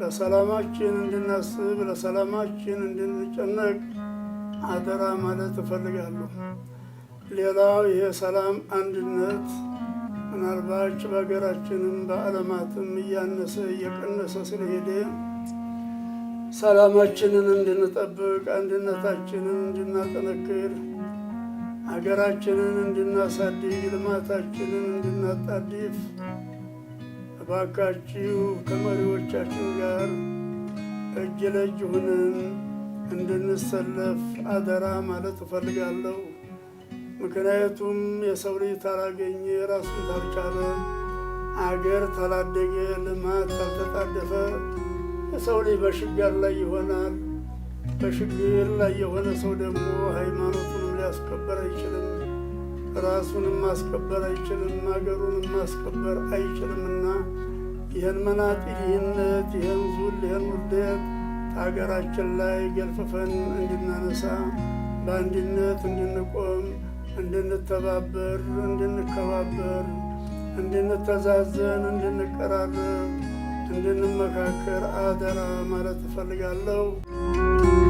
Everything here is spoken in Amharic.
ለሰላማችን እንድናስብ ለሰላማችን እንድንጨነቅ አደራ ማለት እፈልጋለሁ። ሌላው ይሄ ሰላም አንድነት ምናልባች በሀገራችንም በዓለማትም እያነሰ እየቀነሰ ስለሄደ ሰላማችንን እንድንጠብቅ አንድነታችንን እንድናጠነክር ሀገራችንን እንድናሳድግ ልማታችንን እንድናጣድፍ ባካችሁ ከመሪዎቻችን ጋር እጅ ለእጅ ሆነን እንድንሰለፍ አደራ ማለት እፈልጋለሁ። ምክንያቱም የሰው ልጅ ታላገኘ ራሱን ታልቻለ፣ አገር ታላደገ፣ ልማት ታልተጣደፈ የሰው ልጅ በሽግር ላይ ይሆናል። በሽግር ላይ የሆነ ሰው ደግሞ ሃይማኖቱንም ሊያስከበር አይችልም፣ ራሱንም ማስከበር አይችልም፣ አገሩንም ማስከበር አይችልምና ይህን መናጢነት ይህን ዙል ይህን ውርደት ሀገራችን ላይ ገልፍፈን እንድናነሳ በአንድነት እንድንቆም እንድንተባበር እንድንከባበር እንድንተዛዘን እንድንቀራረብ እንድንመካከር አደራ ማለት እፈልጋለሁ።